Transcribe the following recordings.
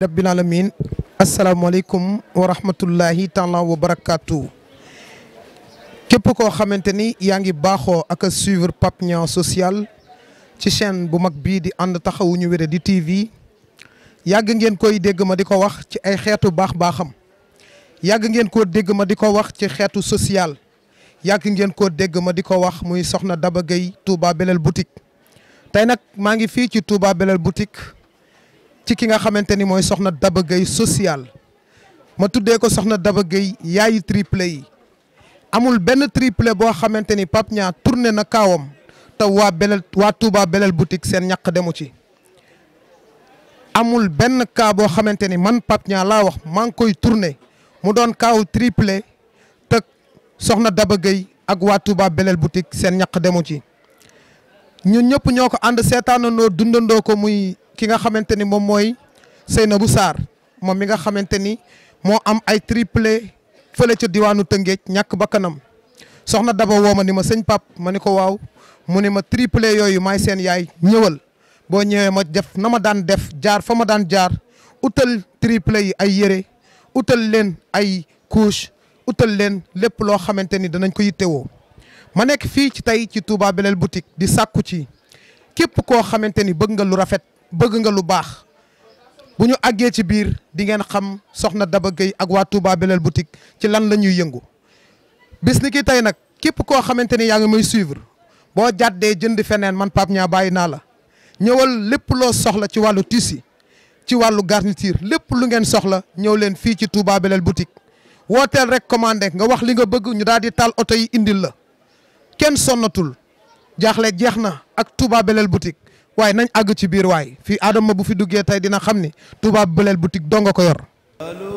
rabbil alamin alaykum wa rahmatullahi taala wa barakatuh kep ko xamanteni yaangi baxo ak suivre Pape Niang social ci chaîne bu mag bi di taxawu ñu wéré di TV yag ngeen koy dégg ma diko ko wax ci ay xéetu bax baxam yag ngeen ko dégg ma diko ko wax ci xéetu social yag ngeen ko dégg ma diko wax muy soxna Daba Gueye Touba belal Boutique tay nak maangi fi ci Touba belal Boutique ci ki nga xamante ni mooy soxna Daba Gueye social ma tuddee ko soxna Daba yaay yaayu triplé yi amul benn triplé boo xamante ni Pape Niang na kaawam te waa Belel waa Touba Belel boutique seen ñaq demu ci amul benn kaa boo xamante ni man Pape laa wax maa ngi koy tourné mu doon kaaw triplé te soxna Daba Gueye ak waa Touba Belel boutique seen ñaq demu ci ñun ñëpp ñoo ko ànd seetaanandoo dundandoo ko muy ki nga xamante ni moom mooy Seynabou saar moom mi nga xamante ni moo am ay triplé fële ca diwaanu Tëngéej ñàkk ba kanam soxna Daba woo ma ni ma sëñ papp ma ni ko waaw mu ni ma triplé yooyu maay seen yaay ñëwal boo ñëwee ma def na ma daan def jaar fa ma daan jaar utal triplé yi ay yére utal leen ay couche utal leen lépp loo xamante ni danañ ko yittewoo ma nekk fii ci tey ci Touba Belel boutique di sàkku ci képp koo xamante ni bëgg nga lu rafet bëgg nga lu baax bu ñu àggee ci biir dingeen xam soxna Daba Gueye ak waa Touba Belel Boutique ci lan la ñuy yëngu bis ni ki tey nag képp koo xamante ni yaa ngi may suivre boo jàddee jënd feneen man Pape Niang bàyyi naa la ñëwal lépp loo soxla ci wàllu tissu ci wàllu garniture lépp lu ngeen soxla ñëw leen fii ci Touba Belel Boutique wooteel rek commandé nga wax li nga bëgg ñu daal di taal oto yi indil la kenn sonnatul jaaxle jeex na ak Touba Belel Boutique waaye nañ àgg ci biir waay fii Adama bu fi duggee tey dina xam ni Touba Belel boutique dong ko yor. waa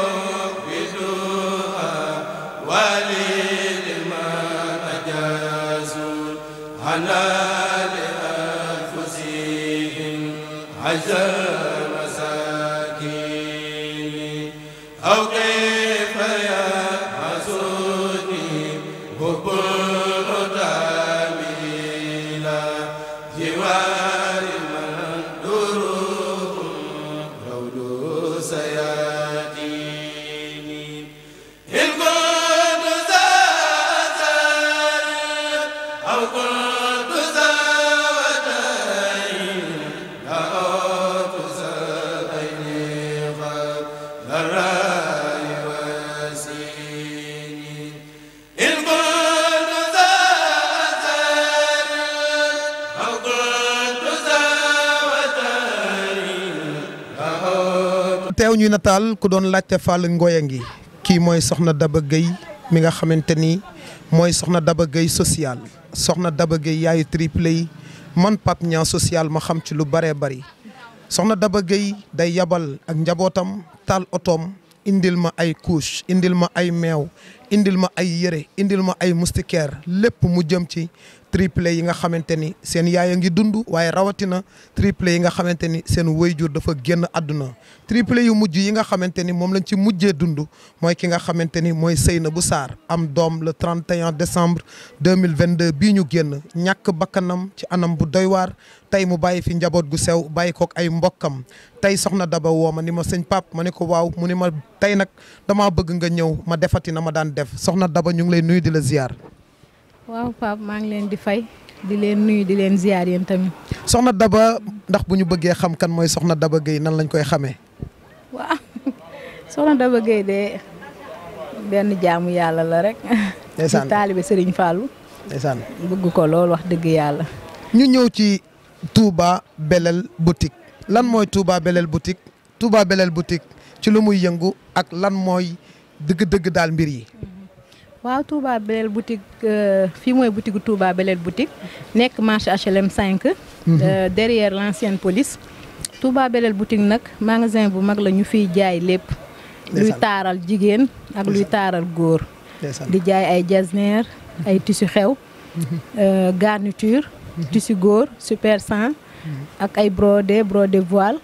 jiwa teew nataal ku doon laajte Fall Ngoye ngi kii mooy soxna Daba Gueye mi nga xamante ni mooy soxna Daba Gueye social soxna Daba Gueye yaayu triple yi man Pape Niang social ma xam ci lu bëree bari soxna Daba géey day yabal ak njabootam taal otom indil ma ay couche indil ma ay meew indil ma ay yére indil ma ay moustiquaire lépp mu jëm ci triplé yi nga xamante ni seen yaay a ngi dund waaye rawatina triplé yi nga xamante ni seen wayjur dafa génn àdduna triplé yu mujj yi nga xamante ni moom lañ ci mujjee dund mooy ki nga xamante ni mooy na bu Sarr am doom le 31 décembre 2022 bii ñu génn ñàkk bakkanam ci anam bu doy waar tey mu bàyyi fi njaboot gu sew bàyyi kook ay mbokkam tey soxna Daba woo ma ni ma sëñ pap ma ne ko waaw mu ne ma tey nag damaa bëgg nga ñëw ma defati na ma daan def soxna Daba ñu ngi lay nuyu di la ziar. waaw Pape maa ngi leen di fay di leen nuyu di leen ziar yéen tamit. soxna Daba ndax bu ñu bëggee xam kan mooy soxna Daba Gueye nan lañ koy xame waaw soxna Daba Gueye de benn jaamu yàlla la rek. ndeysaan di taalibe Serigne Fallou. bëgg ko lool wax dëgg yàlla. ñu ñëw ci Touba Belel boutique lan mooy tuuba Belel butik Touba Belel butik ci lu muy yëngu ak lan mooy dëgg-dëgg daal mbir yi. waaw Touba Belel boutique euh, boutique boutique marché HLM 5. Mhm. Euh, derrière l'ancienne police. Touba Belel boutique les magasin bu mag la ñu jaay luy ak luy di jaay ay ay garniture. tissu super ak ay voile.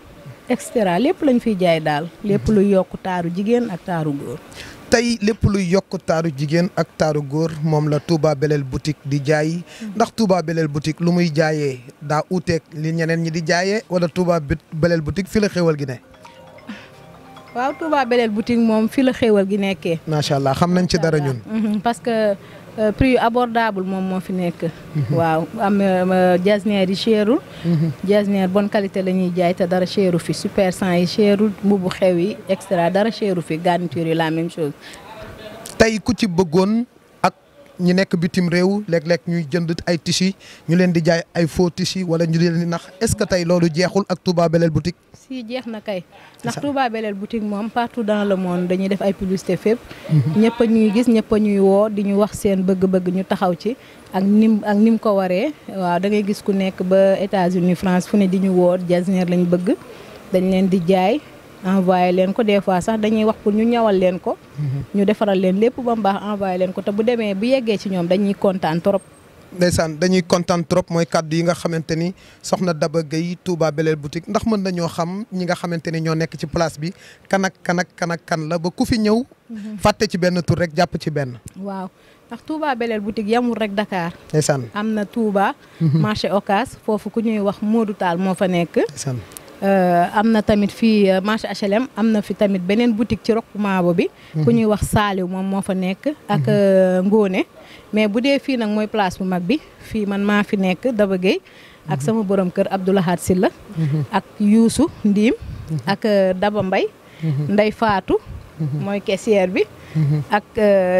etc. Lepp jaay tey lépp luy yokk taaru jigéen ak taaru góor moom la Touba Belel boutique di jaay hmm. ndax Touba beleel boutique lu muy jaayee daa uuteeg li ñeneen ñi di jaayee wala Touba Belel boutique fi la xéewal gi ne. waaw Touba Belel boutique moom fi la xéewal gi nekkee. macha allah xam nañ ci dara ñun. Hmm, parce Euh, prix yu abordable moom moo fi nekk. Mhm. waaw am euh, jasneer yi cherul. Mhm. jasneer bon qualité la ñuy jaay dara cheru fi super 100 yi cherul mbubu xew yi extra dara cheru fi garniture yi la même chose. tey ku ci bëggoon. ñu nekk bitim réew léeg-léeg ñuy jënd ay tissus ñu leen di jaay ay foo tissus wala ñu leen di nax est-ce que tey loolu jeexul ak Touba Belel boutique. si jeex na kay. ndax Touba Belel boutique moom partout dans le monde dañuy def ay publicité fépp. Mhm. ñëpp ñuy gis ñëpp ñuy woo di ñu wax seen bëgg-bëgg ñu taxaw ci. ak nim ak nim ko waree waaw da ngay gis ku nekk ba États-Unis France fu ne di ñu woo jasineer lañ bëgg dañ leen di jaay. envoyé leen ko des fois sax dañuy wax pour ñu ñawal leen ko. Mhm. ñu defaral leen lépp ba mu envoyé leen ko te bu demee bu yeggee ci ñoom dañuy kontaan trop. ndeysaan dañuy kontaan trop mooy kàddu yi nga xamante ni soxna Daba Gueye Touba Belel boutique ndax mën na ñoo xam ñi nga xamante ni ñoo nekk ci place bi kan ak kan ak kan la ba ku fi ñëw. Mhm. fàtte ci benn tur rek jàpp ci benn. waaw ndax Touba Belel boutique yamul rek dakaar ndeysaan am na Touba. Mhm. marché Ocass foofu ku ñuy wax Modou Tall moo fa nekk. ndeysaan Euh, am na tamit fii euh, marché HLM am na fi tamit beneen boutique ci rokku maabo bi mhm. ku ñuy wax Saliou moom moo fa nekk ak mhm. euh, Ngóone mais bu dee fii nag mooy place bu mag bi fii man maa fi nekk Daba géey ak mhm. sama borom kër Abdoulahad Silla ak Youssou Ndiim ak Daba Mbay Ndey Faatu mooy caissière bi ak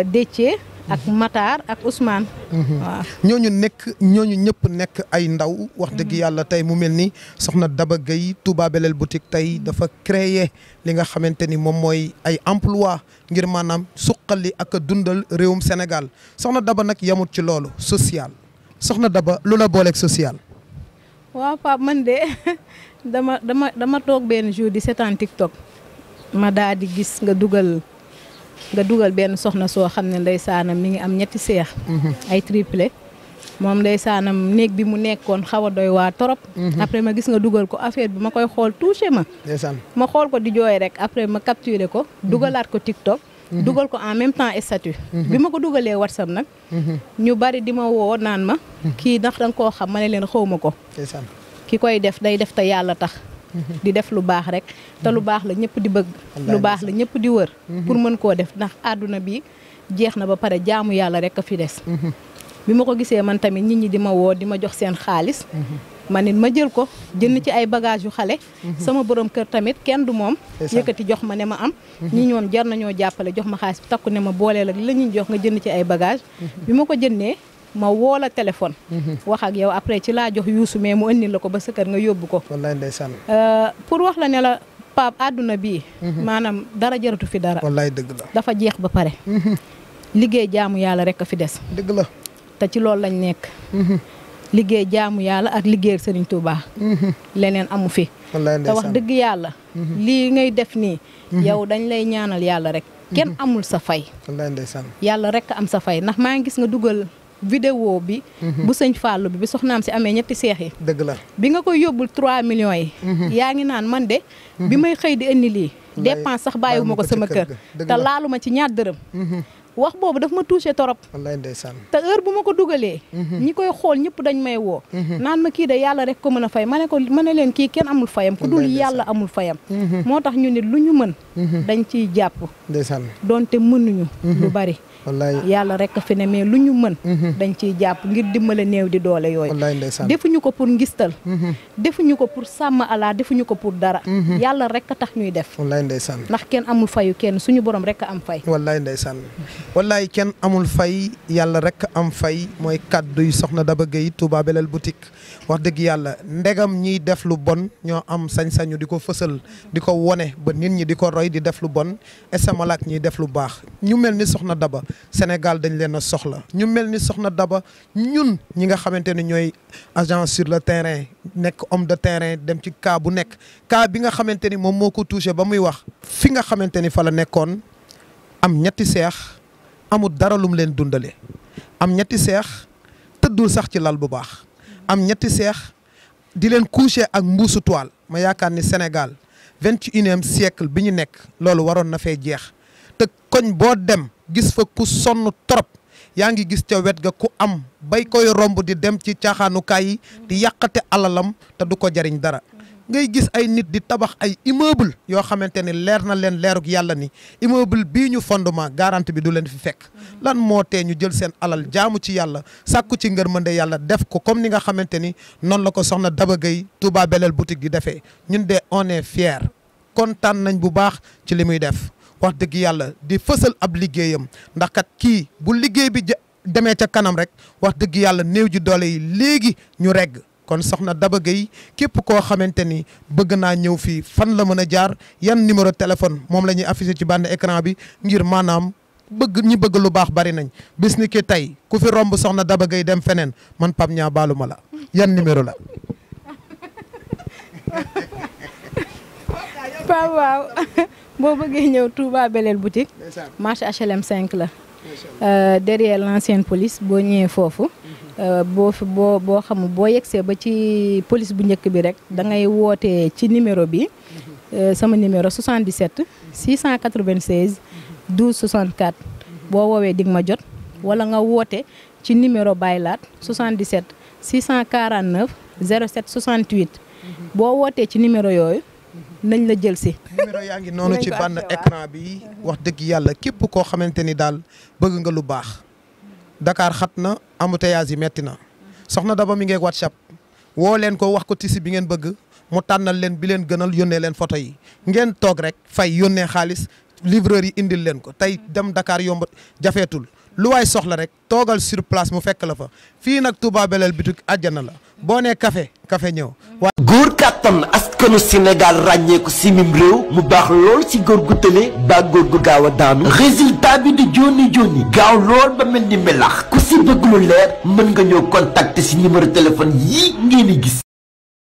Déthié ak Matar ak Ousmane. Mhm. waaw ñooñu nekk ñooñu ñëpp nekk ay ndaw. wax dëgg mhm. yàlla tey mu mel ni soxna Daba Gueye Touba Belel tey dafa créer li nga xamante ni moom mooy ay emploi ngir maanaam suqali ak a dundal réewum Sénégal soxna Daba nag yamut ci loolu social soxna Daba lu la booleeg social. waaw Pape man de dama dama toog benn jour di seetaan TikTok ma daa gis nga dugal. nga dugal benn soxna soo xam ne saanam mi ngi am ñetti seex. Mhm. ay triplé moom saanam néeg bi mu nekkoon xaw a doy waa torop. Mhm. après ma gis nga dugal ko affaire bi ma koy xool touché ma. ndeysaan ma xool ko di jooy rek après ma capturé ko. Mhm. dugalaat ko TikTok. dugal ko en même temps statut. bi ma ko dugalee WhatsApp nag. ñu bari di ma woo naan ma. kii ndax danga koo xam ma ne leen xaw ma ko. ki koy def day def yàlla tax. di def lu bax rek te lu bax la ñepp di bëgg lu bax la ñepp di wër mhm. pour mën ko def ndax aduna bi jeex na ba pare jaamu yalla rek fi dess mhm. bi mako gisé man tamit nit ñi di ma wo di ma jox seen xaaliss mhm. man ma jël ko jënd ci ay bagage yu xalé sama borom kër tamit kenn du mom yëkëti jox ma né ma am ñi ñoom jar jappalé jox ma xaaliss takku né ma bolé la li ñi jox nga jënd ci ay bagage bi mako jënné ma woo telepon, téléphone. Mhm. wax ak yow après ci laa jox yuusu mais mu ëndi la ko ba sa kër nga yóbbu ko. wallaay ndeysaan. Euh, pour wax la ne la Pape àdduna bii. Mhm. maanaam dara jaratu fi dara. wallaay dëgg la dafa jeex ba pare. Mhm. liggéey jaamu yàlla rek a fi des. dëgg la te ci loolu lañ jaamu ak Serigne Touba. amu fi. wax ngay def yow dañ lay ñaanal rek. ken amul sa fay. yàlla rek am sa fay mangis maa ngi gis nga vidéo bi. Mhm. bu sëñ Fallou bi bi soxnaam si amee ñetti seex yi. dëgg la bi nga koy yóbbul 3 millions yi. Mhm. yaa ngi naan man de. bi mhm. may xëy di indi lii. dépense sax bàyyiwuma ko sama kër te ma ci ñaar dërëm. wax bobu daf ma touché torop wallahi ndaysan te heure buma ko dougalé mhm. ñi koy xool ñëpp dañ may wo mhm. nan ma ki de yalla rek ko mën fay mané ko mané len ki kenn amul fayam ku dul yalla amul fayam mhm. motax ñu ne luñu mën dañ ci japp ndaysan donte mënuñu lu bari wallahi yalla rek fi ne mais luñu mën dañ ci japp ngir dimbalé néew di doole yoy wallahi ndaysan defuñu ko pour ngistal defuñu ko pour sàmm ala defuñu ko pour dara yalla rek a tax ñuy def wallahi ndaysan ndax kenn amul fayu kenn suñu borom rek a am fay wallahi ndaysan wallaay kenn amul fay yàlla rek am fay mooy kàddu yu soxna Daba Gueye Touba Belel wax dëgg yàlla ndegam ñiy def lu bon ñoo am sañ-sañu di ko fësal di ko wone ba nit ñi di ko roy di def lu bon esamalaak ñiy def lu baax ñu mel ni soxna Daba Sénégal dañ leen soxla ñu mel ni soxna Daba ñun ñi nga xamante ne ñooy agent sur le terrain nekk homme de terrain dem ci cas bu nekk kaa bi nga xamante ni moom moo ko touché ba muy wax fi nga xamante ni fa la nekkoon am ñetti seex Amu dara lum leen dundale am ñetti seex tëddul sax ci lal bu baax am ñetti seex di leen coucher ak mbuusu toile ma yaakaar ni senegal vingt et siècle bi ñu na fe jeex te koñ boo dem gis fa ku sonn trop yaa gis ca wet ga ku am bay koy rombu di dem ci caaxaanukaay yi di yàqate alalam te du ko jariñ dara ngay gis ay nit di tabax ay immeuble yoo xamante ne leer na leen leeruk yàlla ni immeuble bi ñu fondement garantie bi du leen fi lan mote tee ñu jël alal jaamu ci yàlla sàkku ci ngërmande yàlla def ko comme ni nga xamante ni noonu la ko soxna Daba Gueye Touba Belel boutique gi defee ñun de on est fier kontaan nañ bu baax ci def wax dëgg yàlla di fasil ab liggéeyam ndax kat ki bu liggéey bi demee ca kanam rek wax dëgg yàlla néew ji doole yi léegi ñu regg kon soxna Daba Gueye képp koo xamante ni bëgg naa ñëw fii fan la mën a jaar yan numéro téléphone moom lañuy ñuy ci bande écran bi ngir maanaam bëgg ñi bëgg lu baax bari nañ bis ni ki tey ku fi romb soxna Daba Gueye dem feneen man pam Niang baalu ma la yan numéro la. Pape waaw boo bëggee ñëw Touba Belel boutique. marché HLM 5 la. Euh, derrière l'ancienne police boo ñëwee foofu. Euh, boo fi boo boo xamul boo yegsee ba ci police bu njëkk bi rek da ngay wootee ci numéro bi euh, sama numéro 77 696 12 64 boo woowee di nga ma jot wala nga woote ci numéro baylaat 77 649 07 68 boo wootee ci numéro yooyu nañ la jël si. numéro yaa ngi noonu ci bànn écran bi wax dëgg yàlla képp koo xamante ni daal bëgg nga lu baax. Dakar xat na embouteillage yi metti na soxna Daba mi ngeeg WhatsApp woo leen ko wax ko tissu bi ngeen bëgg mu tànnal leen bi leen gënal yónnee leen foto yi ngeen toog rek fay yónnee xaalis livreur yi indil leen ko tey dem Dakar yomb jafeetul lu waaye soxla rek toogal sur place mu fekk la fa fii nag Touba Belel bitik àjjana la boo nee kafe café ñëw góor kàttan askanu Sénégal ràññeeku si mim réew mu baax lool ci góor gu tële ba góor gu gaaw a daanu résultat bi di joni joni gaaw lool ba mel di melax ku si bëgg leer mën nga ñëw contacter si numéro téléphone yii ngeen di gis